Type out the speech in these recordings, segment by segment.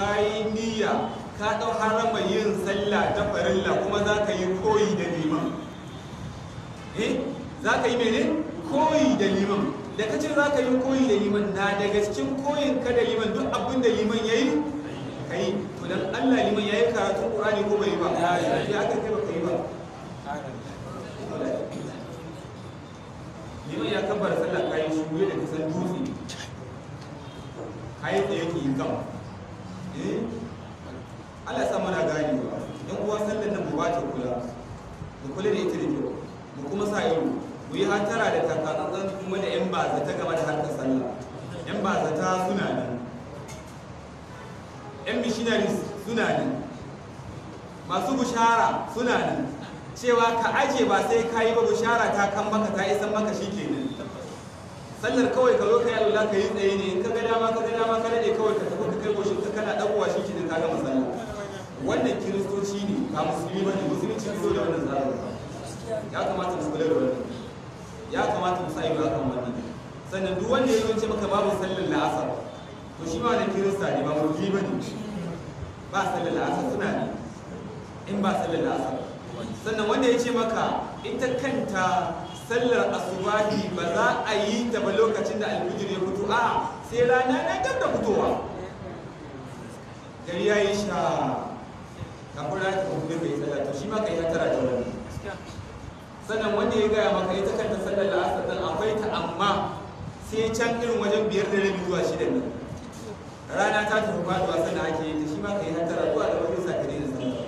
ka yi niyya ka ɗau harama yin sallah ta farilla kuma za ka yi koyi da liman eh za ka yi mene koyi da liman da ka ce za ka yi koyi da liman na daga cikin koyin ka da liman duk abin da liman ya yi ka yi to dan allah liman ya yi karatun ƙurani ko bai ba ya aka kai ba ka yi ba liman ya kabbar sallah ka yi shi da kasan dutse ka yi tsaye ki yi gaba eh Allah sa mana gani ba dan uwa sallan nan mu ba ta kula mu kula da ita da kyau mu kuma sa yau mu yi hatara da takatsantsan kuma da yan ta game da harkar sallah yan ta suna nan yan missionaries suna nan masu bushara suna nan cewa ka aje ba sai ka yi ba bushara ta kan maka ta isan maka shi kenan sallar kawai ka zo ka yi Allah ka yi tsaye ne ka ga dama ka ga dama ka daɗe kawai ka kai goshin ka kana dan uwa shi ne kaga masalla wannan kiristoci ne ba musulmi bane musulunci ne da wannan zalim ya kamata mu kula da wannan ya kamata mu sai ba kan wannan sannan duk wanda ya ce maka babu sallar la'asar to shi ma da kirista ne ba musulmi bane ba sallar la'asar suna ne in ba sallar la'asar sannan wanda ya ce maka ita kanta sallar asubahi ba za a yi ta ba lokacin da alfijir ya fito a sai rana na gab da fitowa gari ya yi sha kafin rana ta hudu bai tsaya to shi ma ka yi hatara da wani sannan wanda ya gaya maka ita kanta sallar la'asar dan akwai ta amma sai can irin wajen biyar da rabi zuwa shida ne rana ta tafi faduwa sannan ake yi ta shi ma ka yi hatara zuwa da wajen sa gari da sallar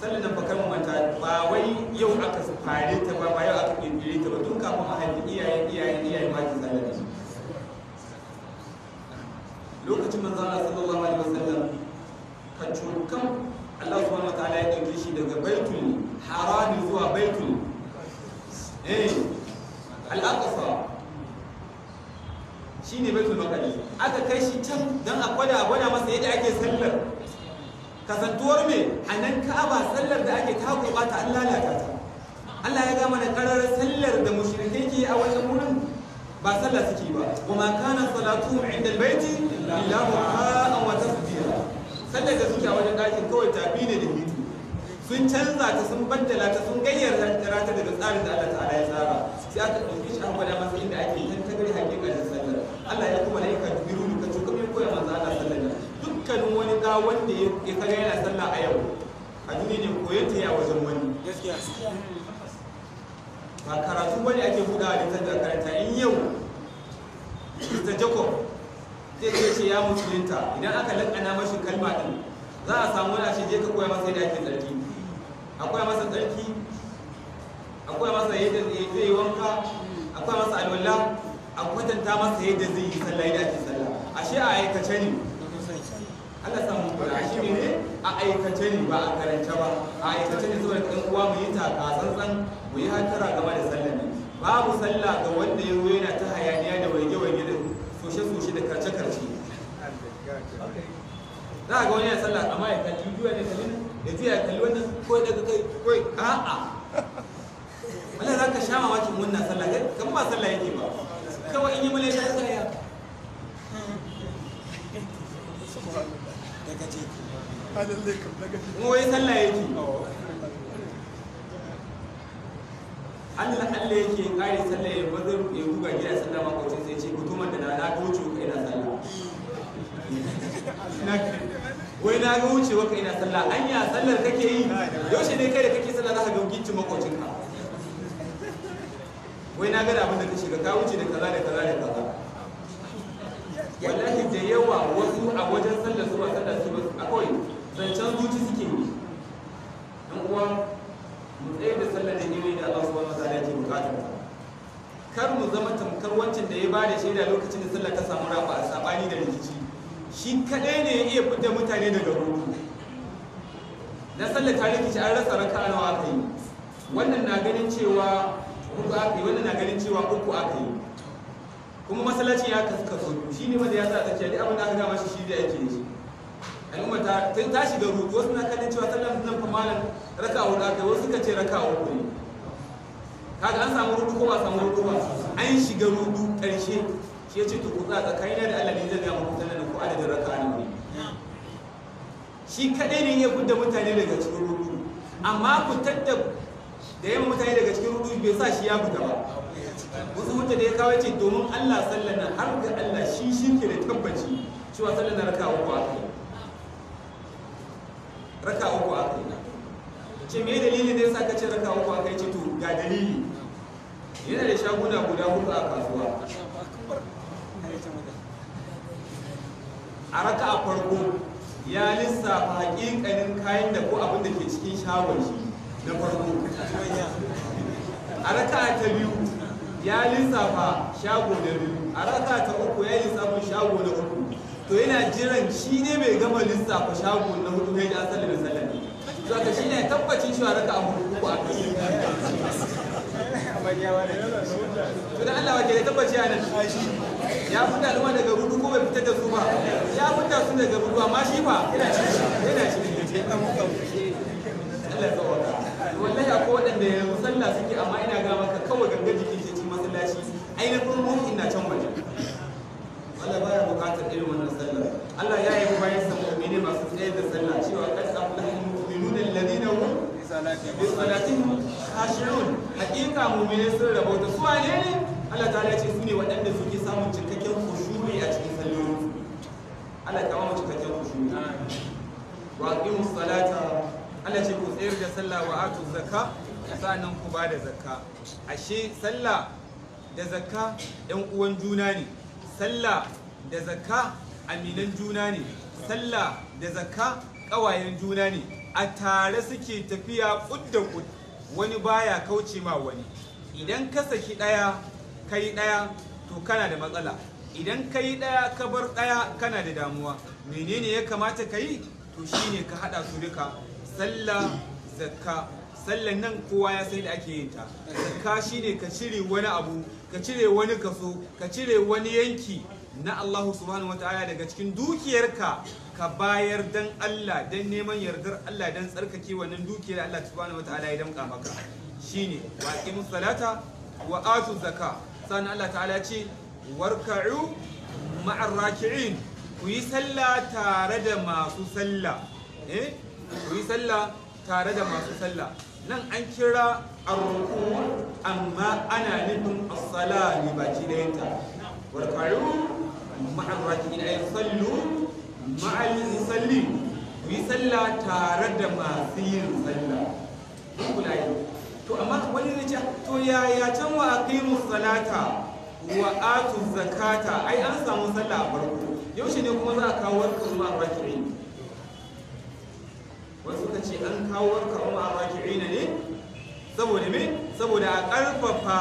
sallar nan bakar manta ba wai yau aka fare ta ba ba yau aka kirkire ta ba tun kafin a haifi iyayen iyayen iyayen ma ke sallar lokacin manzo Allah sallallahu alaihi wasallam ka cukan Allah subhanahu wataala ya dauke shi daga baitul haram zuwa baitul eh al-aqsa shine baitul maqdis aka kai shi can dan a gwada gwada masa yadda ake sallar kasantuwar me anan ka'aba sallar da ake ta gurba ta Allah lalata ta Allah ya gama da karar sallar da mushrikai ke a wannan wurin ba sallah suke ba kuma kana salatuhum inda albayti ilahu ha'a wa tasdiya sanda da suke a wajen ɗakin kawai tafi ne da hitu sun canza ta sun baddala ta sun gayyar ta ta daga tsarin da Allah ta'ala ya tsara sai aka ɗauki shi an gwada masa inda ake yin ta gari da sallar Allah ya kuma laika biru ka to kuma ya koya manzo Allah sallar da dukkanin wani da wanda ya kaga yana sallah a yau a duniya ne koyon ta ya wajen wani gaskiya ba karatu bane ake buɗa da ta karanta in yau Mr. Jacob zai ce ce ya musulunta idan aka lakana mashi kalma din za a samu wani ashe je ka koya masa yadda ake tsarki akwai masa tsarki akwai masa yadda zai yi wanka akwai masa alwala a kwatanta masa yadda zai yi sallah yadda ake sallah ashe a aikace ne Allah samu kula shi ne a aikace ne ba a karanta ba a aikace ne saboda ɗan uwa mu yi taka tsantsan mu yi hatara game da sallah ne babu sallah ga wanda ya yana ta hayaniya da wani soshe da karce karce za ga wani yana sallah amma ya kalli juya ne kalli ya juya ya kalli wannan ko daga kai ko a'a wani za ka sha mamakin wannan sallah kan ba sallah yake ba kawai in yi mulai ta ya daga ce kuma sallah yake Allah Allah yake kare sallah ya bazar ya buga gida sallah makwacin sai ce mutum da na wuce ka ina sallah wai na ga wuce ka ina sallah anya sallar kake yi yaushe ne kai da kake sallah za ka ga gincin makwacin ka wai na ga abin da ka shiga ka wuce da kaza da kaza da kaza wallahi da yawa wasu a wajen sallar su ba sallar su ba a kawai zancen zuci suke yi dan uwa sallar da ne da Allah subhanahu wataala yake bukata kar mu zama tamkar wancan da ya ba da shaida lokacin da sallar ta samu rafa a sabani da rikici shi kadai ne ya iya fitar mutane daga ruru na sallar ta rikici an rasa raka nawa aka yi wannan na ganin cewa uku aka yi wannan na ganin cewa uku aka yi kuma masallaci ya kaskaso shi ne wanda ya sa tsakiya duk abin da aka gama shi shi da yake shi al'umma ta ta shiga ruɗu wasu na kallon cewa sallan nan fa malam raka hudu aka wasu suka ce raka uku ne kaga an samu rudu ko ba samu rudu ba an shiga rudu karshe shi ya ce to ku tsaya tsakanina da Allah ne zai ga muku sallan ko adadin raka ne shi kadai ne ya fidda mutane daga cikin rudu amma ku da da yawan mutane daga cikin rudu bai sa shi ya fita ba wasu hujja da ya kawo ce domin Allah Sallana, har ga Allah shi shirke da tabbaci cewa sallan raka'a uku a yi raka uku aka yi ce me dalilin da yasa kace raka uku aka yi ce to ga dalili yana da shaguna guda hudu a kasuwa a raka a farko ya lissafa haƙiƙanin kayan da ko abin da ke cikin shagon shi na farko a raka ta biyu ya lissafa shago na biyu a raka ta uku ya lissafa shago na uku to yana jiran shi ne mai gama lissafa shago na hudu da asali sallame sallame to aka shi ne tabbacin shi raka a hudu ko a kai to da Allah wake da tabbaci a nan ya fita al'umma daga rudu ko bai fitar da su ba ya fita su daga rudu amma shi ba yana shi yana shi Allah ya wallahi akwai waɗanda musalla suke amma ina ga maka kawai gangan jikin shi cikin masallaci ainihin ruhin ina can waje Allah baya bukatar irin wannan sallar. Allah ya yi bayan sa mu'mini masu tsaye da sallah cewa kad aflahul mu'minun alladhina hum bi salatihim khashi'un haqiqa mu'mini sun rabauta su wane ne Allah ta ce su ne waɗanda suke samun cikakken khushu'i a cikin sallolin Allah ta mu cikakken khushu'i wa aqimu salata Allah ce ku tsayar da sallah wa atu zakka sa'annan ku ba da zakka ashe sallah da zakka ɗan uwan juna ne sallah da zakka aminan juna ne sallah da zakka ƙawayen juna ne a tare suke tafiya ƙud da wani baya kauce ma wani idan ka saki ɗaya kai ɗaya to kana da matsala idan ka yi ɗaya ka bar ɗaya kana da damuwa menene ya kamata ka yi to shine ka haɗa su duka sallah zakka sallan nan kowa ya sai da ake yin ta zakka shine ka cire wani abu ka cire wani kaso ka cire wani yanki na allahu subhanahu wataala daga cikin dukiyarka ka bayar dan Allah dan neman yardar Allah dan tsarkake wannan dukiyar Allah subhanahu wataala ya damka maka shine wa aqimus salata wa atu zaka sannan Allah ta'ala ce warka'u ma'ar raki'in ku yi sallah tare da masu sallah eh ku yi sallah tare da masu sallah nan an kira arruku amma ana nufin as-sala ne baki da yanta warkaru ma'an raki'in yin sallu ma'al musalli ku yi sallah tare da masu yin sallah kula yau to amma wani zai ce to yaya can wa aqimu salata wa atu zakata ai an samu sallah a farko yaushe ne kuma za a kawo warkaru a raki'in wasu ka ce an kawo warka umma raki'ina ne saboda me saboda a karfafa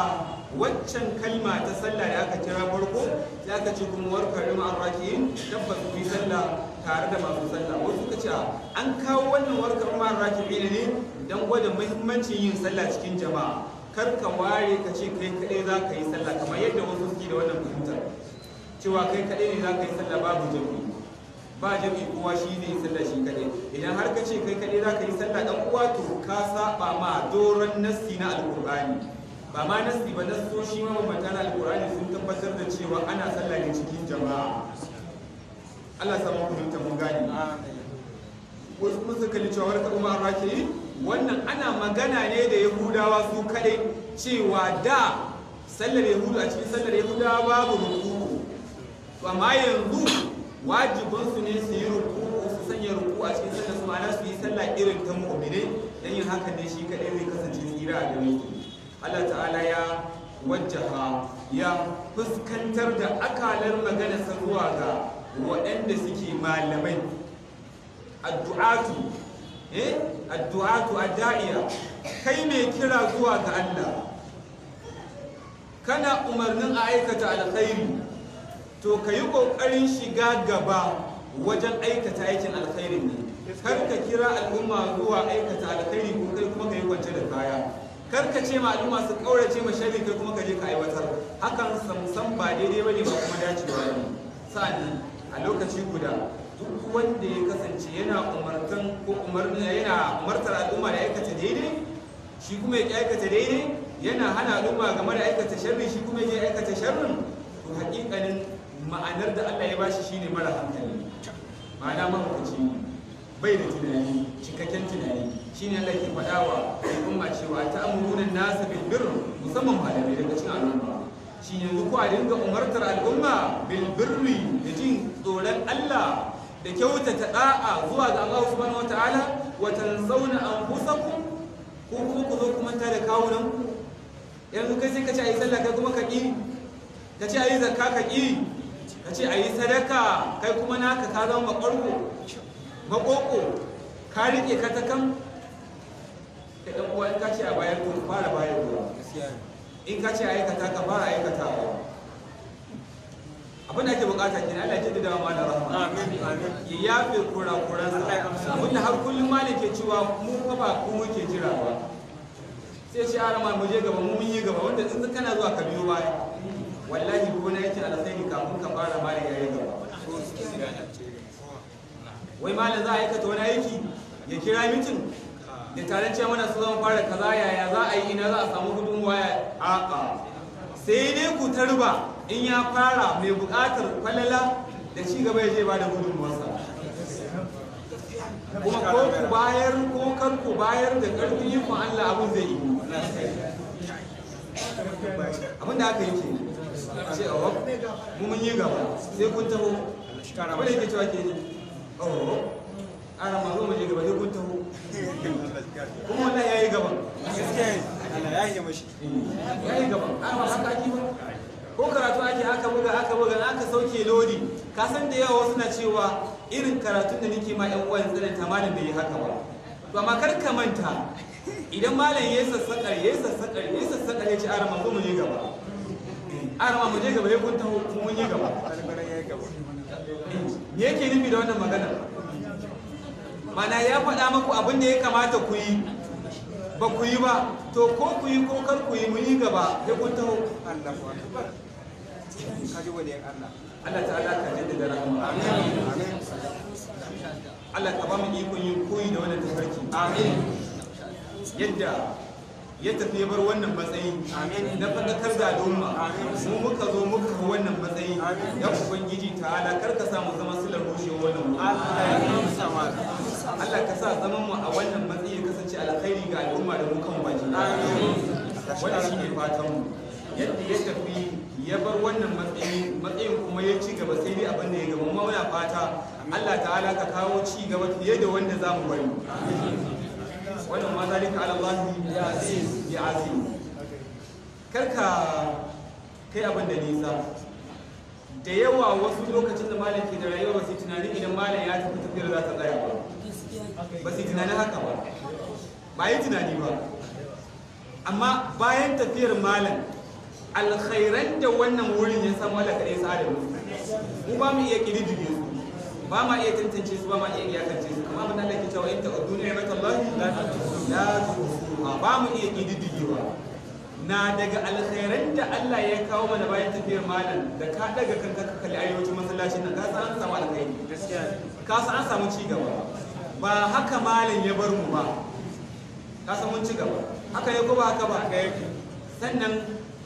waccan kalma ta sallah da aka kira farko sai aka ce kuma warka rima raki'in tabbas ku yi sallah tare da masu sallah wasu ka ce an kawo wannan warka umma raki'ina ne dan gwada muhimmancin yin sallah cikin jama'a kar ka ware ka ce kai kaɗai za ka yi sallah kamar yadda wasu suke da wannan fahimtar cewa kai kaɗai ne za ka yi sallah babu jami'i ba jami kuma shi zai yi sallah shi kaɗai idan har ka ce kai kaɗai za ka yi sallah ɗan uwa to ka saba ma doron nassi na alƙur'ani ba ma nassi ba shi ma mabanta na alƙur'ani sun tabbatar da cewa ana sallah ne cikin jama'a Allah samu mutum mun gane wasu kuma suka li cewa wata umar yi? wannan ana magana ne da yahudawa su kaɗai cewa da sallar yahudu a cikin sallar yahudawa babu rukuku amma yanzu su ne su yi ruku su sanya ruku a cikin sallar su ma'ana su yi sallah irin ta mu'mine dan yin hakan ne shi kadai zai kasance tsira a gare su Allah ta'ala ya wajjaha ya fuskantar da akalar magana sarwa ga waɗanda suke malamai addu'atu eh addu'atu adda'iya kai mai kira zuwa ga Allah kana umarnin a aikata alkhairi to ka yi ƙoƙarin shiga gaba wajen aikata aikin alkhairin ne kar ka kira al'umma zuwa aikata alkhairi ko kai kuma ka yi kwance da kaya kar ka ce ma al'umma su kaurace ma sharri kai kuma ka je ka aiwatar hakan samsam ba daidai bane ba kuma dacewa ne sa'annan a lokaci guda duk wanda ya kasance yana umartan ko yana umartar al'umma da aikata daidai shi kuma ya aikata daidai yana hana al'umma game da aikata sharri shi kuma ya aikata sharrin to haƙiƙanin ma'anar da Allah ya bashi shine mara hankali ma'ana mahaukaci bai da tunani cikakken tunani shine Allah ke faɗa wa al'umma cewa ta amuruna nasu bil birr musamman malamai daga cikin al'umma shi yanzu ko a dinga umartar al'umma bil birri da jin tsoron Allah da kyautata da'a zuwa ga Allah subhanahu wataala wa tanzauna anfusakum ko kuma ku zo kuma ta da kawunan yanzu kai sai ka ce ayi sallah kai kuma ka ki ka ce ayi zakka ka ki ka ce a yi sadaka kai kuma naka ka zama makwarko makoko ka riƙe kan ka ɗan uwa in ka ce a bayan ko fara bayan ko in ka ce a aikata ka fara aikata ba abin da ake bukata kenan Allah ya jaddada wa malam rahma amin amin ya yafe kura sa abin da har kullum malam ke cewa mu fa ba ku muke jira ba sai shi arama mu je gaba mu mun yi gaba wanda in kana zuwa ka biyo baya wallahi gona yake alkhairi kafin ka fara mali yi gaba wai malam za a aikata wani aiki ya kira mitin da tare ce mana su zan fara kaza yaya za a yi ina za a samu gudun waya a'a sai ne ku tarba in ya fara mai buƙatar falala da ci gaba ya je ba da wasa kuma ko ku bayar ko kar ku bayar da ƙarfin yin Allah abun zai yi abin da aka yi ke ce awo mun yi gaba sai kun taho karama shi ke cewa ke ne awo ara zo mu je gaba sai kun taho kuma wannan ya yi gaba Allah ya yi mashi ya yi gaba ara haka ake ba ko karatu ake haka buga haka buga aka sauke lodi ka san da yawa wasu na cewa irin karatun da nake ma yan uwan tsanan da malam bai yi haka ba to amma kar ka manta idan malam ya sassakar ya sassakar ya sassakar ya ci ara ma zo mu je gaba a rama mu je gaba ya kun taho mun yi gaba karkarar ya yi gaba me yake nufi da wannan magana mana ya faɗa maku abin da ya kamata ku yi ba ku yi ba to ko ku yi ko kar ku yi mun yi gaba ya kun taho Allah ku akbar wani yan Allah Allah ta'ala ka jaddada rahama amin amin Allah ka ba mu ikon yin koyi da wannan tafarki amin yadda ya tafi bar wannan matsayi na faɗakar da al'umma mu muka zo muka wannan matsayi ya ubangiji ta'ala kar ka samu zama silar rushewa wannan Allah ka sa zaman mu a wannan matsayi ya kasance alkhairi ga al'umma da mu kan baki wannan shine fatan mu yadda ya tafi ya bar wannan matsayi matsayin kuma ya ci gaba sai dai abin da ya gaba mu muna fata Allah ta'ala ka kawo ci gaba fiye da wanda za mu bari wannan ma zalika ala Allah ya aziz ya aziz karka kai abin da nisa da yawa wasu lokacin da malam ke da rayuwa ba su tunanin idan malam ya tafi tafiyar za ta tsaya ba ba su tunanin haka ba ba yi tunani ba amma bayan tafiyar malam alkhairan da wannan wurin ya samu Allah kaɗai sa da mu mu ba mu iya ƙididdige su ba ma iya tantance su ba ma iya iyakance su amma abin da ke cewa in ta'uddu ni'matallahi la tuhsuha ba mu iya kididdigewa na daga alkhairan da Allah ya kawo mana bayan tafiyar malam da ka daga kan ka kalli ayyukan masallacin nan ka san an samu alkhairi gaskiya ka san an samu ci gaba ba haka malam ya bar mu ba ka san mun ci gaba haka ya kuma haka ba ga yake sannan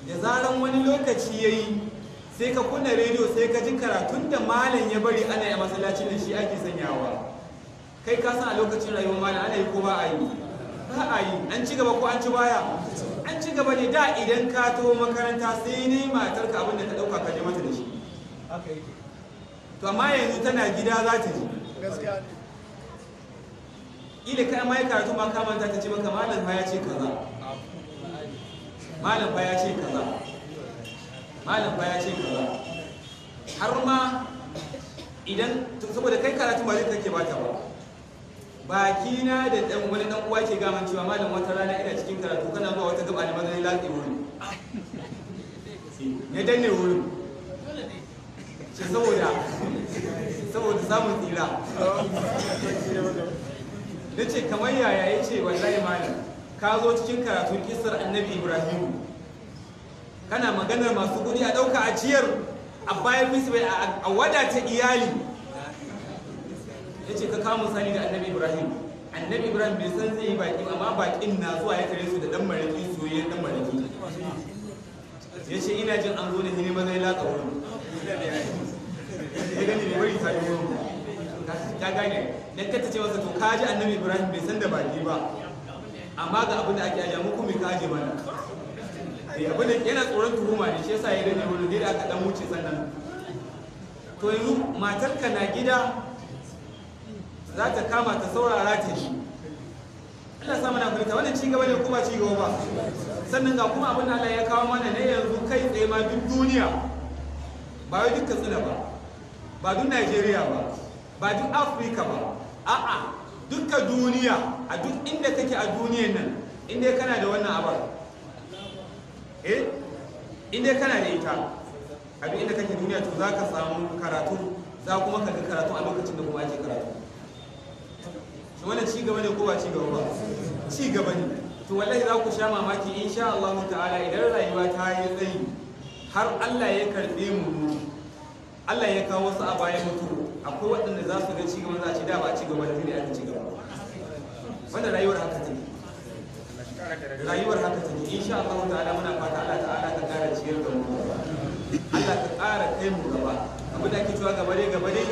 da zaran wani lokaci yayi sai ka kunna rediyo sai ka ji karatun da malam ya bari ana yi masallacin shi ake sanyawa kai ka san a lokacin rayuwar mana ana yi ko ba a yi ba a yi an ci gaba ko an ci baya an ci gaba ne da idan ka taho makaranta sai ne matarka abin da ka dauka ka je mata da shi to amma yanzu tana gida za ta ji Ile kai ma karatu ma ka ta ce maka malam fa ya ce kaza malam fa ya ce kaza malam fa ya ce kaza har ma idan saboda kai karatu ba zai kake bata ba bakina da dan wani dan uwa ke gaman cewa malam wata rana ina cikin karatu kana zuwa wata gaba da maganin latsi wurin ya danne wurin ce saboda saboda samun tsira na ce kamar yaya ya ce wallahi malam ka zo cikin karatun kisar annabi ibrahim kana maganar masu kuɗi a ɗauka a ciyar a bayan misbai a wadata iyali ya ce ka kamun Sani da annabi ibrahim annabi ibrahim bai san zai yi baƙi amma Baƙin na zuwa ya tare su da dan maraki soyayyen dan maraki ya ce ina jin an zo da hini zai latsa wurin ya gani ne wari sai wurin ta gane dan kata ce masa to ka ji annabi ibrahim bai san da baƙi ba amma ga abin da ake ajiya muku mai kaji mana abin da yana tsoron tuhuma ne shi yasa ya gani wurin da aka dan wuce sannan to yanzu matarka na gida za ta kama ta saurara ta shi Allah sa mana fahimta wannan ci gaba ne kuma ci gaba ba sannan ga kuma abin da Allah ya kawo mana ne yanzu kai tsaye ma duk duniya ba wai duk Katsina ba ba duk Najeriya ba ba duk Afirka ba a'a duka duniya a duk inda kake a duniyan nan inda kana da wannan abar eh inda kana da ita a duk inda kake duniya to za ka samu karatu za kuma ka ga karatu a lokacin da kuma ake karatu to wannan ci gaba ne ko ba ci gaba ba ci gaba ne to wallahi za ku sha mamaki insha Allah ta'ala idan rayuwa ta yi tsayi har Allah ya karbe mu Allah ya kawo su a bayan mutu akwai waɗanda za su ga ci gaba za ci da ba a ci gaba da ne a ci gaba wanda rayuwar haka ta ne rayuwar haka ta ne insha Allah ta'ala muna fata Allah ta'ala ta ƙara ciyar da mu Allah ta ƙara kai mu gaba abin da ake cewa gaba dai gaba dai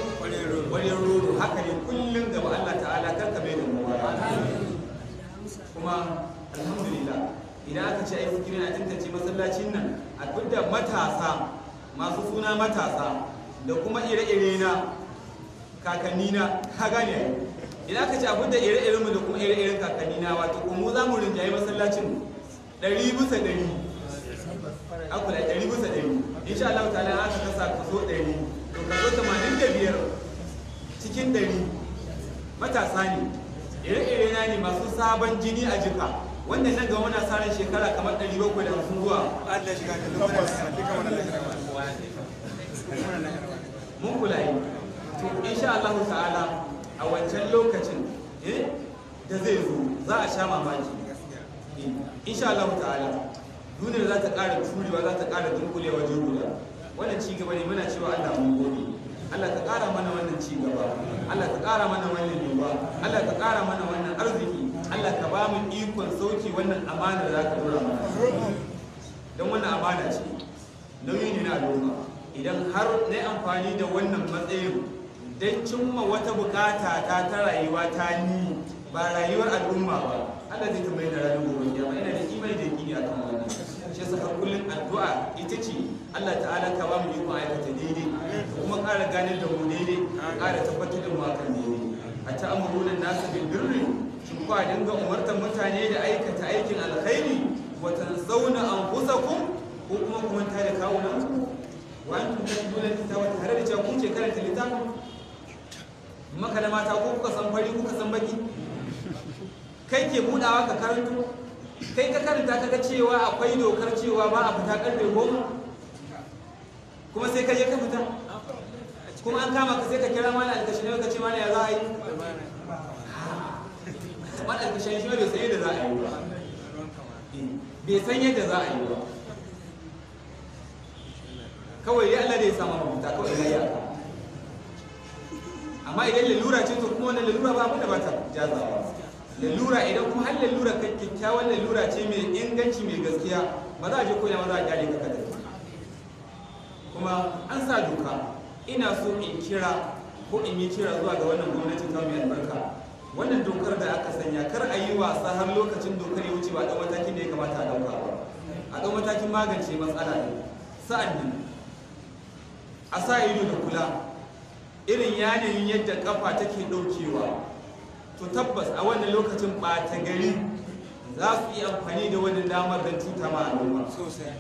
wani rodo haka ne kullum gaba Allah ta'ala kar ka bai da mu kuma alhamdulillah idan aka ce ai fikiri na tantance masallacin nan a da matasa masu suna matasa da kuma ire-ire na kakanni na ka gane idan aka ce a da ire-iren mu da kuma ire-iren kakanni na wato kuma za mu rinjaye masallacin ɗari bisa ɗari akula ɗari bisa ɗari insha Allah ta'ala aka kasa ka zo ɗari to ka zo cikin dari matasa ne ire-ire na ne masu sabon jini a jika wannan nan ga muna sa shekara kamar ɗari bakwai da hamsin zuwa mun kula yi to insha Allah ta'ala a wancan lokacin eh, da zai zo za a sha mamaki eh, insha Allah ta'ala duniyar za ta ƙara turewa za ta ƙara dunkulewa jirgula wannan ci gaba ne muna cewa Allah mun gobe Allah ka ƙara mana wannan ci gaba Allah ka ƙara mana wannan yiwuwa Allah ka ƙara mana wannan arziki Allah ka ba mu ikon sauki wannan amana da za ka dora mana don wannan amana ce nauyi ne na doma idan har na amfani da wannan matsayin don cimma wata bukata ta ta rayuwa ta ni ba rayuwar al'umma ba Allah zai mai da rayuwar gobe kiyama ina kullum addu'a ita ce Allah ta'ala ka ba mu yi aikata daidai kuma ƙara ganin da mu daidai ƙara tabbatar da mu akan daidai a ta ta'amuruna nasu bin birri shin kuwa dinga umartar mutane da aikata aikin alkhairi wa tanzauna anfusakum ko kuma ku manta da kawunan ku wa antum tatluna kitaba tare da cewa kun ke karanta littafin maka da mata ko kuka san fari kuka san baki kai ke budawa ka karanto kai ka karanta ka ga cewa akwai dokar cewa ba a fita karfe goma kuma sai ka je ka fita kuma an kama ka sai ka kira mana alkashin ne ka ce mana ya za a yi mana alkashin shi bai san yadda za a yi ba bai san yadda za a yi ba kawai ya Allah da ya samu rubuta kawai ya yi amma idan lalura ce to kuma wannan lalura ba abin da ba ta jazawa lalura idan kuma har lalura kai kyakkyawan lalura ce mai inganci mai gaskiya ba za a je koya ma za a kyale ka kuma an sa doka ina so in kira ko in yi kira zuwa ga wannan gwamnati ta mai albarka wannan dokar da aka sanya kar a yi wasa har lokacin dokar ya wuce ba ɗan matakin da ya kamata a ɗauka ba a ɗan matakin magance matsala ne sa'an nan a sa ido da kula irin yanayin yadda kafa take ɗaukewa to tabbas a wannan lokacin ɓata gari za su yi amfani da wani damar don cuta ma al'umma sosai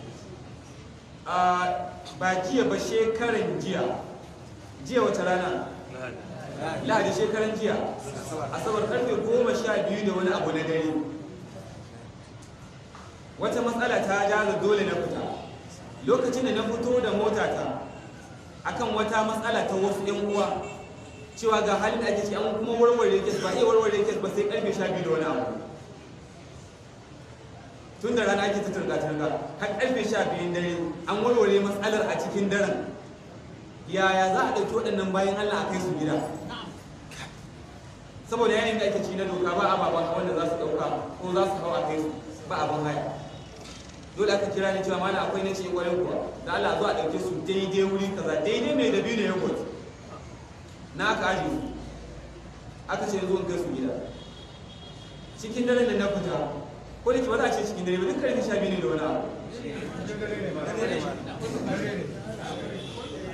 ba jiya ba shekaran jiya jiya wata rana lahadi shekaran jiya asabar karfe goma sha biyu da wani abu na dare wata matsala ta jaza dole na fita lokacin da na fito da motata akan wata matsala ta wasu 'yan uwa cewa ga halin da ake ciki an kuma warware kes ba iya warware kes ba sai karfe sha biyu da wani abu tun da rana ake ta turga-turga har karfe sha biyun dare an warware matsalar a cikin daren yaya za a ɗauki waɗannan bayan allah a kai su gida saboda yanayin da ake ci na doka ba ababen hawa da za su ɗauka ko za su hawa a kai su ba abin haya dole aka kira ni cewa mana akwai na ce ƙwarin kuwa da allah zuwa ɗauke su daidai wuri kaza daidai mai dabi ne ya kwaci na aka aji aka ce zuwan gasu su gida cikin dare da na fita ko da ke wani a ce cikin dare ba dukkan kare ta sha biyu ne da wani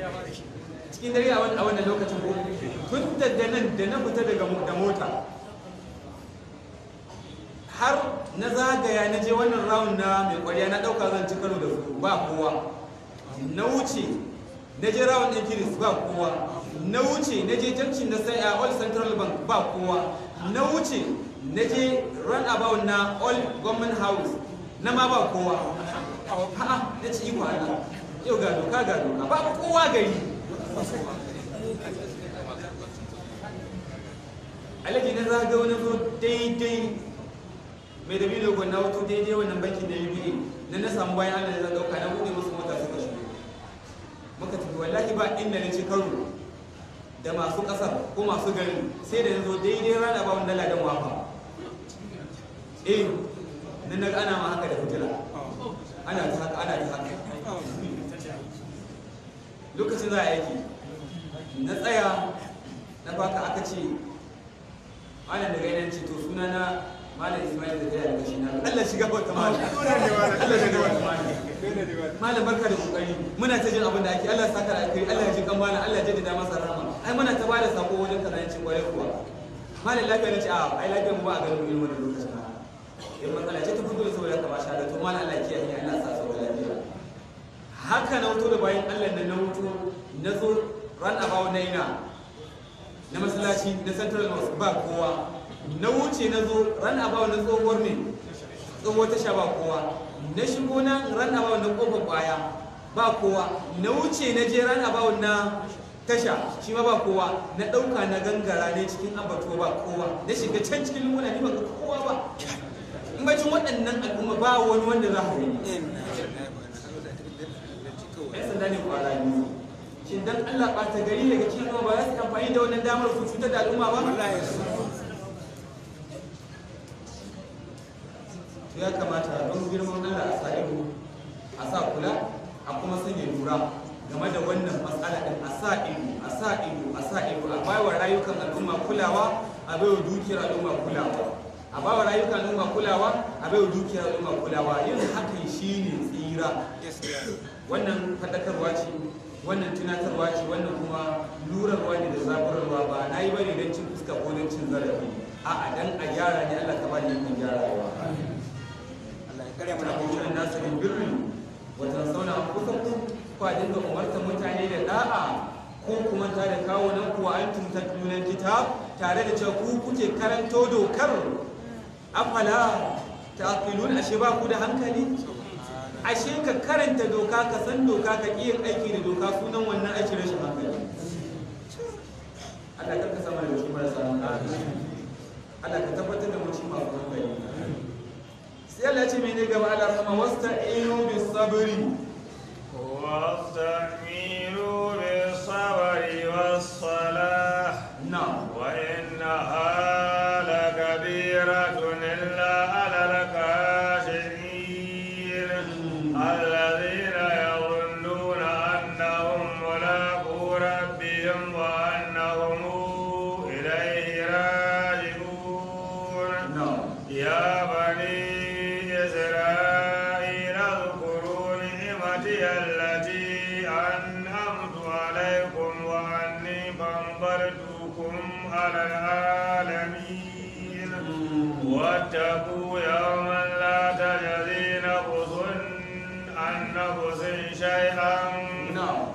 abu cikin dare a wannan lokacin ko tun da nan da na fita daga mota har na zagaya na je wannan rawun na mai kwariya na dauka zan ci kano da ba kowa na wuce na je rawan ɗin kiris ba kowa na wuce na je jamci na sai a all central bank ba kowa na wuce na je run about na all government house na ma ba kowa ha'a na ci iko ana yau ga doka ga doka ba kowa gari alaji na zaga wani zo daidai mai da bidiyo na wato daidai wannan bankin da yi na na samu bayan ana da zan dauka na buɗe musu mota suka muka tafi wallahi ba inda na ci karo da masu kasar ko masu gari. sai da yanzu daidai rana ba wanda ladan wafa eh nan na ana ma haka da fitila ana ta haka ana ta haka lokacin za a yake na tsaya na baka aka ce ana da gainanci to sunana malam ismail da jaya mai na Allah shiga wata malam malam barka da kokari muna ta jin abin da ake Allah saka alkhairi Allah ya ji kan bana Allah ya jaddada masa rahama ai muna ta bada sako wajen karancin kwaye kuwa malam lafiya ne ce a ah, ai lafiya mu ba a ganin irin wannan lokacin in matsala ce ta fito da saboda ka ba da to malam Allah ya kiyaye Allah sa saboda lafiya haka na wuto da bayan Allah da na wuto na zo run about naina na masallaci na central mosque ba kowa na wuce na zo ran abawa na tsohuwar ne tsohuwar tasha ba kowa na shigo na ran abawa na kofar baya ba kowa na wuce na je ran abawa na tasha shi ma ba kowa na ɗauka na gangara ne cikin abato ba kowa na shiga can cikin lunguna ne ba kowa ba in bacin waɗannan al'umma ba wani wanda za ku yi ne ne shin dan Allah ɓata gari daga cikin ba za su amfani da wannan damar su cutar da al'umma ba to ya kamata don girman Allah a sa ido a sa kula a kuma sanya lura game da wannan matsala din a sa ido a sa ido a sa ido a bawa rayukan al'umma kulawa a baiwa dukiyar al'umma kulawa a bawa rayukan al'umma kulawa a baiwa dukiyar al'umma kulawa yin hakan shine tsira wannan fadakarwa ce wannan tunatarwa ce wannan kuma lurarwa ne da zaburarwa ba na yi bane don cin fuska ko don cin zarafi a'a dan a gyara ne Allah ka bani yin gyarawa karya mana bautan nasu in birri wata sauna a kusan ku a dinga umarta mutane da da'a ko kuma ta da kawo nan kuwa an tumta tunan kitab tare da cewa ku kuke karanto dokar afala ta akilun ashe ba ku da hankali ashe ka karanta doka ka san doka ka iya aiki da doka sunan wannan aiki rashin hankali Allah ka kasa mana da shi marasa Allah ka tabbatar da mu cikin masu hankali sai Allah ce mene gaba Allah kuma wasta'inu bis sabri wasta'inu bis sabri فضلتكم على العالمين واتقوا يوما لا تجزي نفس عن نفس شيئا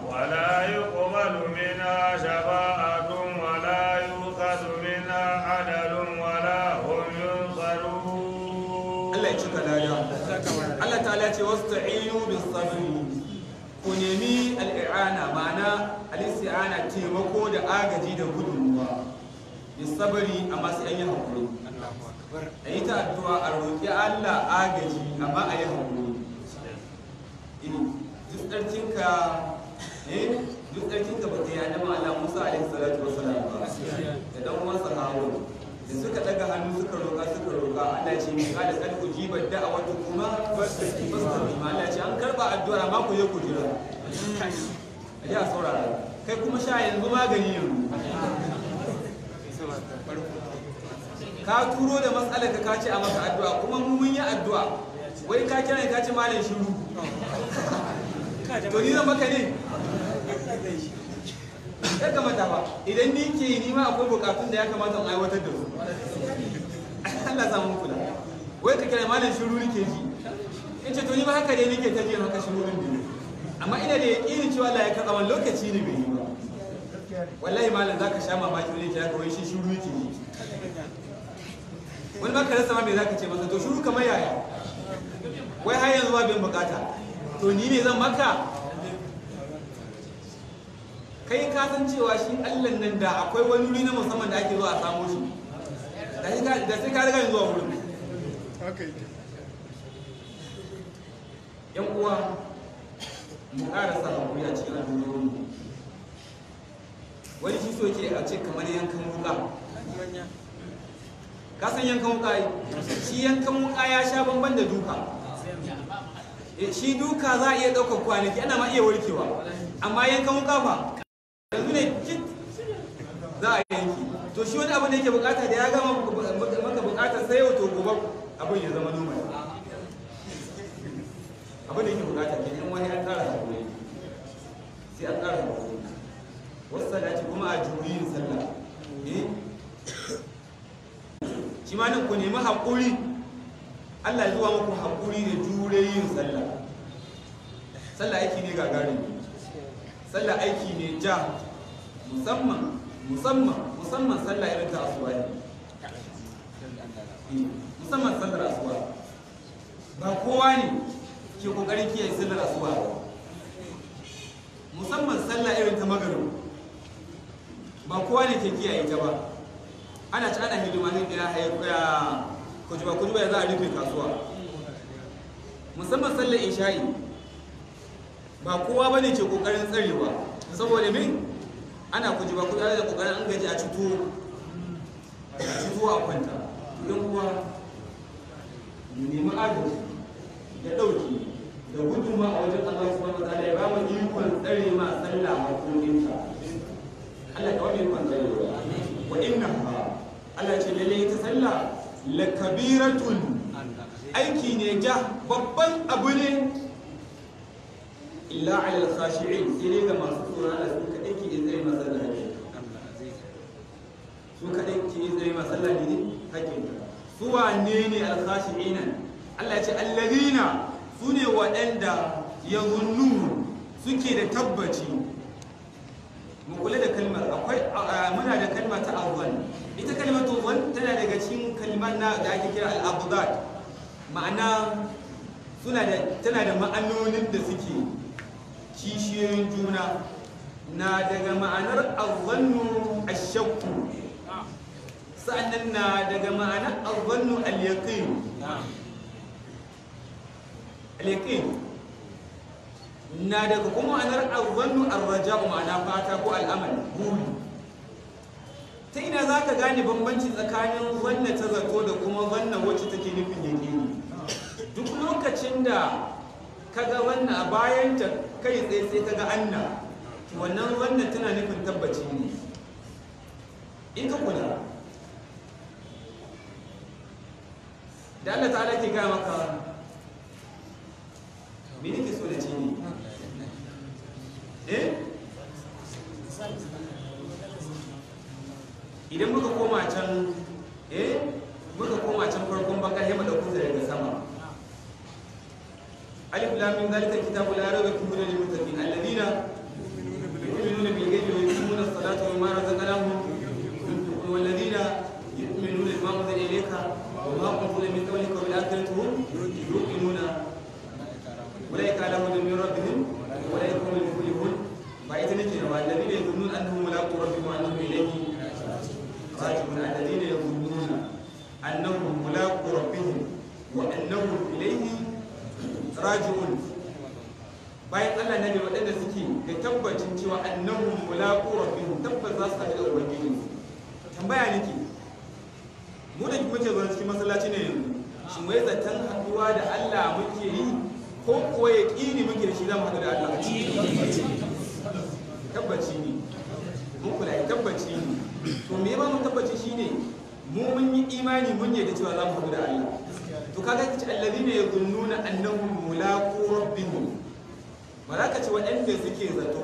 ولا يقبل منها شفاعة ولا يؤخذ منها عدل ولا هم ينصرون الله يشكر الله تعالى واستعينوا بالصبر ku nemi al'irana ma'ana al-isti'ana taimako da agaji da gudunmuwa da sabari amma sai an yi hakuri a yi ta addu'a a roƙi Allah agaji amma a yi hakuri duk tsarkinka eh duk tsarkinka ba ta yi annabi Allah Musa alaihi salatu wassalam ba da dan uwansa Harun da suka daga hannu suka roƙa suka roƙa Allah ce mu kada kan ku jiba da'awatu kuma fastaqi fastaqi Allah ce an karba addu'a ma ku je ku jira a ji a saurara kai kuma sha yanzu magani yanzu ka turo da matsalar ka ce a maka addu'a kuma mu mun yi addu'a wai ka kira ka ce malam shiru to ni zan maka ne ya kamata ba idan ni ke ni ma akwai bukatun da ya kamata in aiwatar da su Allah samu kula wai ka kira malam shiru ke ji in ce to ni ba haka dai nake ta je maka shiru din amma ina da yaƙini cewa Allah ya kaza wani lokaci ne bai yi ba wallahi malam zaka sha mamaki wani ya kawai shi shuru yake yi wani baka rasa ma me zaka ce masa to shuru kamar yaya wai har yanzu ba bin bukata to ni ne zan maka kai ka san cewa shi Allah nan da akwai wani wuri na musamman da ake zuwa a samu shi da sai ka riga zuwa wurin yan uwa mu ƙara sa hakuri a cikin al'ummomi wani shi so ke a ce kamar yankan wuka ka san yankan wuka yi shi yankan wuka ya sha bamban da duka eh, shi duka za a iya ɗaukar kwanaki ana ma iya warkewa amma yankan wuka fa yanzu ne kit za a yanki to shi wani abin da yake bukata da ya gama maka bukatar sai yau to gobe abin ya zama noma abin da yake bukata ke in wani an kara hakuri sai an kara hakuri wasu salati kuma a juri yin sallah eh shi ma nan ku nemi hakuri Allah zuwa muku hakuri da yin sallah sallah aiki ne gagarumi sallah aiki ne ja musamman musamman musamman sallah irin ta asuwa eh, musamman sallar asuwa ba kowa ne ke kokarin kiyaye sallar asuba musamman sallah irin ta magaru ba kowa ne ke kiyaye ta ba ana ci ana hidimanin da ya haikuya kujuba kujuba ya za a rufe kasuwa musamman sallar isha'i ba kowa ba ne ke kokarin tsarewa saboda min ana kujuba kujuba da kokarin an gaji a cito a cito a kwanta yan uwa neman agaji da ɗauki da gudunma a wajen Allah subhanahu wataala ya ba mu ikon tsare ma sallah makonin ta Allah ka wani ikon tsare wa inna Allah ce lalle ita sallah la kabiratun aiki ne ja babban abu ne illa ala khashi'in sai dai ga masu tsoron Allah su kadai ke tsare ma sallah su kadai ke tsare ma sallah ne hakkin su wane ne al-khashi'ina Allah ya ce alladina su ne waɗanda yawunnu suke da tabbaci mu kula da kalmar akwai muna da kalma ta azan ita kalmar tuzan tana daga cikin kalmar na da ake kira al-abdad ma'ana suna da tana da ma'anonin da suke kishiyoyin juna na daga ma'anar azannu ashakku sa'annan na daga ma'anar azannu al-yaqin al-yaqin na daga kuma anar azannu ar-raja'u ma'ana fata ko al'amal guri ta ina za ka gane bambanci tsakanin wannan ta zato da kuma wannan wacce take nufin yaqini duk lokacin da kaga wannan a bayan ta kai tsaye sai kaga anna wannan wannan tana nufin tabbaci ne in ka kula da Allah ta'ala ke gaya maka me nake so da ce ne eh idan muka koma can eh muka koma can farkon bakar hema da kusa daga sama alif lam mim zalika kitabul arabi kullu lil muttaqin alladhina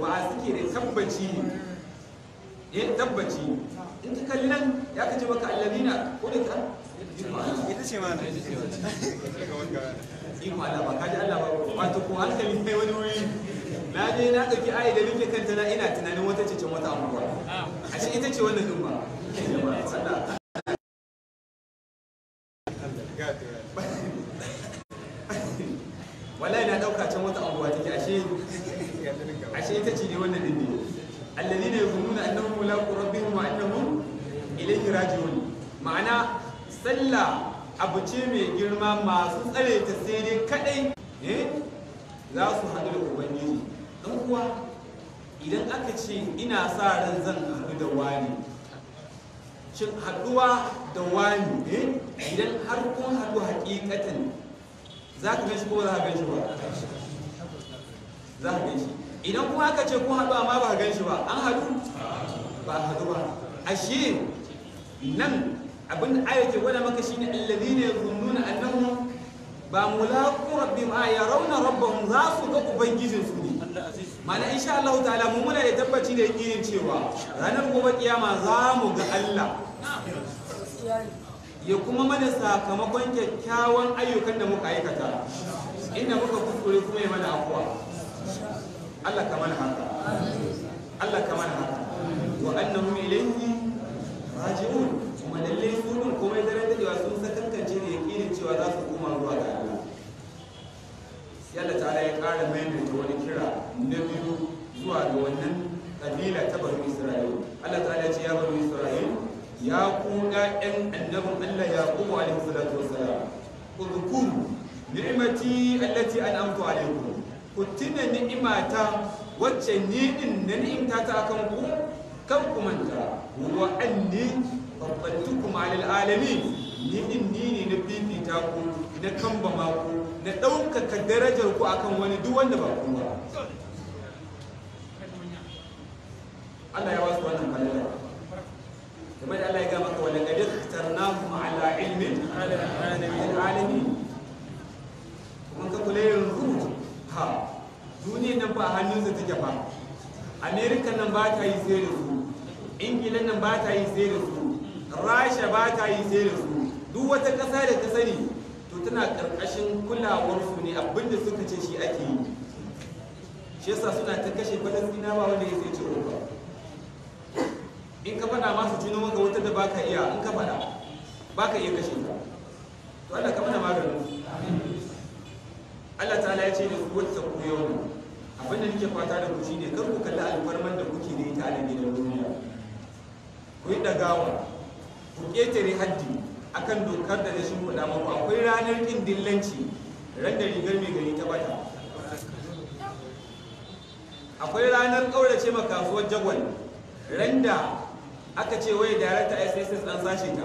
ba suke da tabbaci eh tabbaci in ka kalli nan ya ka kace maka alladina ko da ka ita ce ma ita ce ma ba ka ji Allah ba wato ko hankali kai wani wuri na je na ɗauki ayi da nake kanta na ina tunanin wata ce can wata abubuwa a ce ita ce wannan din ba Allah ne alladhina yazunnuna annahum mulaqu rabbihim wa annahum ilayhi raji'un ma'ana sallah abu ce mai girma masu tsare ta sai dai kadai ne, za su haɗu da ubangiji Ɗan kuwa idan aka ce ina sa ran zan haɗu da wani shin haɗuwa da wani ne, idan har kun haɗu hakikatan za ka gan shi ko za ka gan ba za ka gan idan kuma aka ce kun haɗu amma ba gan shi ba an haɗu ba haɗu ba ashe nan abin da aya ke gwada maka shine alladhina yazunnuna annahum ba mulaqu rabbihim a yarawna rabbahum za su ga ubangijin su ne mana insha Allah ta'ala mu muna da tabbaci da yakinin cewa ranar gobe kiyama za mu ga Allah ya kuma mana sakamakon kyakkyawan ayyukan da muka aikata inda muka kuskure kuma ya mana afuwa Allah ka haka Allah ka mana haka wa annahum ilayhi raji'un kuma lalle su komai kuma daren dadewa sun sakankance ne yakinin cewa za su koma zuwa ga Allah sai Allah ta'ala ya ƙara maimaita wani kira na biyu zuwa ga wannan kabila ta bani Isra'il Allah ta'ala ya ce ya bani Isra'il ya ku ɗan annabin Allah ya kuma alaihi salatu wassalam udhkuru ni'mati allati an'amtu alaikum ku tuna ni'imata wacce ni din na ni'imta ta a ku kan ku manta wa anni babbantukum alil alamin ni din ni ne na fifita ku na kambama ku na ɗaukaka darajar ku akan wani duk wanda ba ku ba Allah ya wasu wannan kamar Allah ya gama kawai daga duk ilmin kuma ka kula ha duniyan nan ba a hannunsa take ba amerika nan ba ta yi sai da su ingila nan ba ta yi sai da su rasha ba ta yi sai da su duk wata ƙasa da ta sani to tana ƙarƙashin kulawarsu ne abinda suka ce shi ake yi shi yasa suna ta kashe falastina ba wanda ya sai ciro ba in ka faɗa masu juna maka wata da baka iya in ka faɗa baka iya kashe ta to Allah ka mana maganin Allah tala ya ce da ku wata ku yau abin da nake fata da ku shine kar ku kalli alfarman da kuke da ita a da duniya ku yi dagawa ku ketare haddi akan dokar da rashin da muku akwai ranar ƙin dillanci ran da rigar mai gari ta bata akwai ranar ƙaurace ma kasuwar jagwal ran da aka ce waye darakta sss dan sashe ta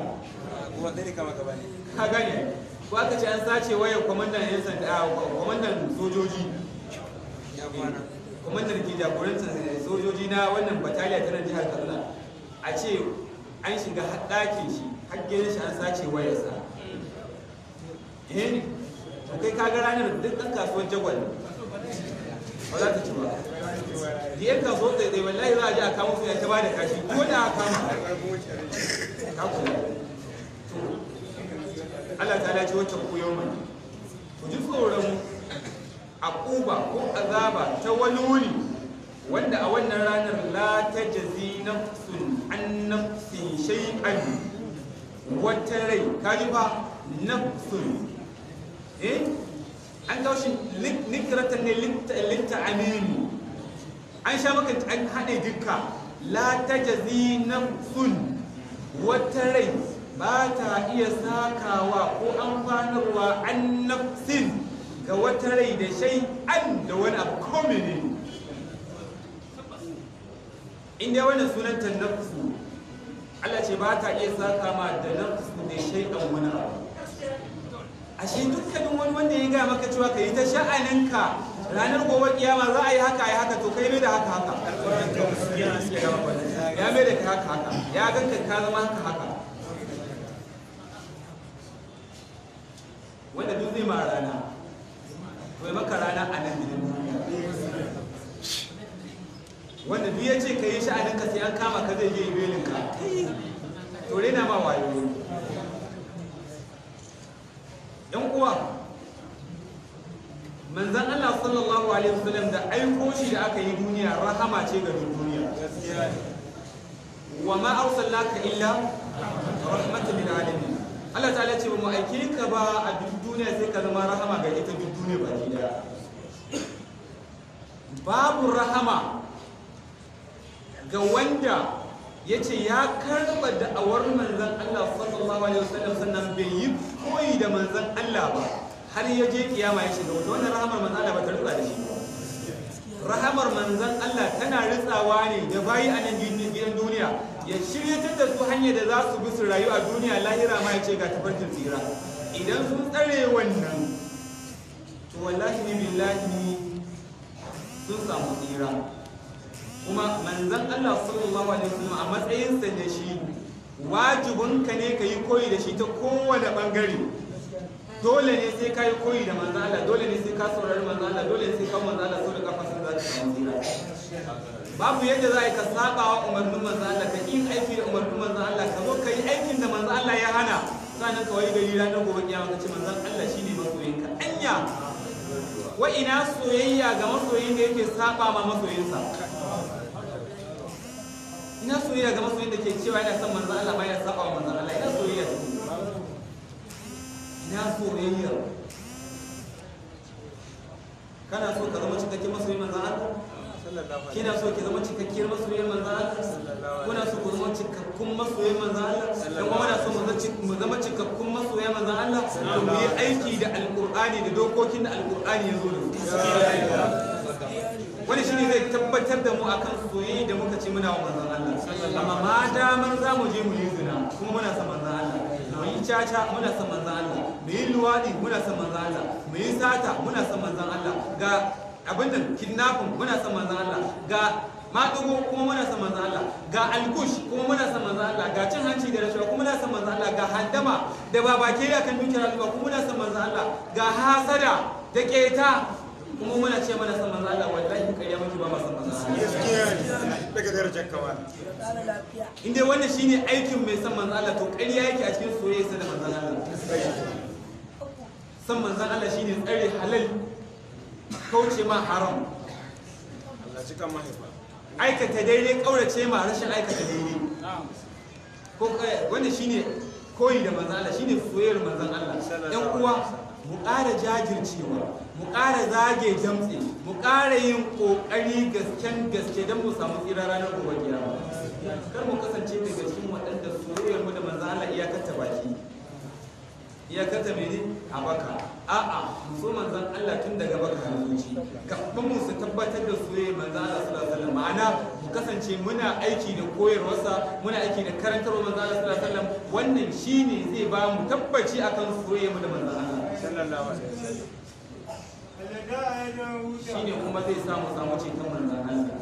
ka gane ko aka ce an sace wayan kwamandan yan sanda kwamandan sojoji kwamandan ke jagorantar eh, sojoji na wannan bataliya ta nan jihar kaduna a ce an shiga ɗakin shi har shi an sace wayarsa eh kai ka ga ranar duk ɗan kasuwar jagwal ba za ta ci ba da yan kasuwar tsaitsai wallahi za a ji a kamo su ya ta ba da kashi ko da a kamo ka kuma Allah ta ce wata ku yau mai ku ji tsoron akuba ko azaba ta wani wuri wanda a wannan ranar la ta jazi nafsun an nafsin shay'an wata rai kaji fa nafsun eh an kawo shi nikiratan ne linta aminu an sha maka an haɗe duka la ta jazi nafsun wata rai ba ta iya sakawa ko amfanarwa an nafsin ga wata rai da shai an da wani abu komini inda wani sunanta nafsu Allah ce ba ta iya saka ma da nafsu da shai an wani abu ashe dukkanin wani wanda ya gaya maka cewa ka yi ta sha'aninka ranar gobe kiyama za a yi haka yi haka to kai mai da haka haka ya mai da ka haka haka ya ganka ka zama haka haka wanda duk zai ma rana wai maka rana a nan gidan wanda duk ya ce ka yi sha'anin ka sai an kama ka zai je yi belin ka to rena ma wayo yan uwa manzan Allah sallallahu alaihi wasallam da aiko shi da aka yi duniya rahama ce ga duniya wa ma arsalnaka illa rahmatan lil alamin Allah ta'ala ce ba mu aike ka ba a duniya duniya sai ka zama rahama ga ita duk duniya baki daya babu rahama ga wanda ya ce ya karɓa da'awar manzan Allah sallallahu alaihi wasallam sannan bai yi koyi da manzan Allah ba har ya je kiyama ya shiga wanda wannan rahamar manzan Allah ba ta rutsa da shi rahamar manzan Allah tana rutsawa ne da bayi a nan gidan duniya ya shirya da su hanyar da za su bi su rayu a duniya lahira ma ya ce ga tafarkin tsira idan sun tsare wannan to wallahi billahi sun samu tsira kuma manzan Allah sallallahu alaihi wasallam a matsayinsa da shi wajibinka ne ka yi koyi da shi ta kowane bangare dole ne sai ka yi koyi da manzan Allah dole ne sai ka saurari manzan Allah dole ne sai ka manzan Allah sau da kafa sun za ka samu tsira babu yadda za a ka saba wa umarnin manzan Allah ka yi aiki da umarnin manzan Allah ka zo ka yi aikin da manzan Allah ya hana sannan ka da yi ranar gobe kiyama ka ce manzan Allah shi ne masoyinka anya wa ina soyayya ga masoyin da yake saba ma masoyinsa ina soyayya ga masoyin da ke cewa yana son manzan Allah ba ya saba wa manzan Allah ina soyayya ina soyayya kana so ka zama cikakken masoyin manzan Allah kina so ki zama cikakkiyar masoyin manzan Allah kuna so ku zama cikakken cikakkun masoya manzan Allah dan kuma muna so mu zama cikakkun masoya manzan Allah to mu yi aiki da alqur'ani da dokokin da alqur'ani ya zo da wani shi ne zai tabbatar da mu akan soyayya da muka ce muna wa manzan Allah amma ma daman za mu je mu yi zina kuma muna sa manzan Allah mu yi caca muna sa manzan Allah mu yi luwaɗi muna sa manzan Allah mu yi sata muna sa manzan Allah ga abin nan kidnapping muna sa manzan Allah ga maɗigo kuma muna san manzan Allah ga alkush kuma muna san manzan Allah ga cin hanci da rashawa kuma muna san manzan Allah ga handama da babake da kan dukiyar al'umma kuma muna san manzan Allah ga hasada da keta kuma muna ce mana san manzan Allah wallahi kariya muke ba ma san manzan Allah daga darajar kawa in dai wannan shine aikin mai san manzan Allah to kariya yake a cikin soyayya da manzan Allah san manzan Allah shine tsare halal kauce ma haram Allah cika mahaifa aikata daidai kaurace ma rashin aikata daidai ko eh, wanda shine koyi da manzon Allah shine soyayyar manzon Allah yan uwa mu ƙara jajircewa mu ƙara zage damtse mu ƙara yin ƙoƙari gasken gaske don mu samu tsira ranar gobe kiyama kar mu kasance daga cikin waɗanda soyayyar mu da manzon Allah ta baki ya kata mene a baka a'a musu so Allah tun daga baka har zuci kafin mu su tabbatar da soyayya manzon Allah sallallahu alaihi wasallam ma'ana mu kasance muna aiki da koyarwarsa muna aiki da karantarwa manzon Allah sallallahu alaihi wasallam wannan shine zai ba mu tabbaci akan soyayya mu da manzon Allah sallallahu alaihi wasallam shine kuma zai samu samu ceton manzon Allah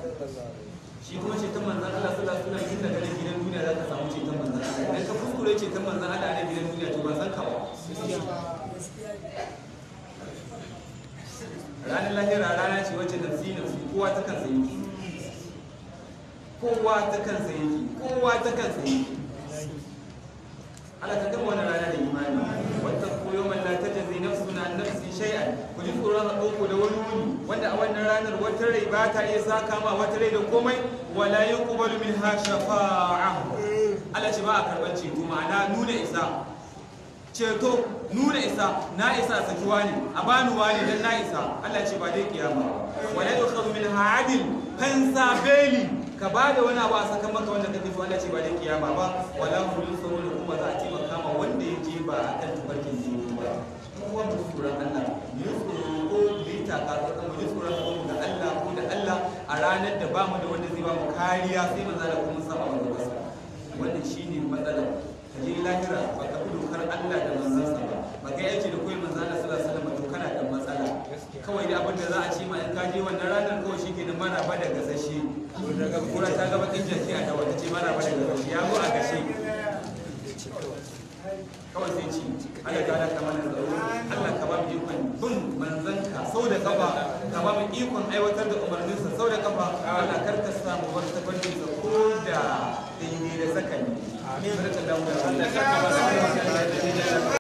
shi kuma ceton manzan Allah sallallahu alaihi wasallam inda kana gidan duniya za ka samu ceton manzan Allah idan ka kuskure ceton manzan Allah a gidan duniya to ba san ka ba ranar lahira rana ce wacce nafsi nafsi kowa ta kan tsayi kowa ta kan tsayi kowa ta kan tsayi Allah ka gama wani rana da imani wata koyo man la tajzi nafsun an nafsi shay'an ku ji tsoron haɗonku da wani wuni wanda a wannan ranar wata rai ba ta iya sa kama wata rai da komai wala yuqbalu ha shafa'a ala ce ba a karɓar ceto ma'ana nuna isa ceto nuna isa na isa saki ne a bani wani dan na isa Allah ce ba dai kiyama wa la yukhadhu min ha'adil fansa beli ka bada wani abu a sakamaka maka wanda kake so Allah ce ba dai kiyama ba wala kullu sawlu kuma za a ce maka ma wanda ya je ba a kan tubarkin jini ba kuma mu tsoron Allah mu tsoro mu ta ka mu tsoron Allah da Allah ko da Allah a ranar da ba mu da wanda zai ba mu kariya sai mu da kuma sama saba mu wannan shine matsalar ka je lahira ba ka fi dokar Allah da manzon sa kai aiki da koyi manzo Allah sallallahu alaihi wasallam kana da matsala kawai da abin da za a ce ma in ka je wannan ranar kawai shi ke da maraba da gasashe daga kura ta gaba kin jaki a dawa ta ce ba da gasashe ya zo a gashe kawai sai ci Allah ta laka mana tsaro Allah ka ba mu ikon bin manzanka sau da kafa ka ba mu ikon aiwatar da umarninsa sau da kafa Allah ka samu wata tafarki da ko da ne da sakani amin barka da mu Allah ba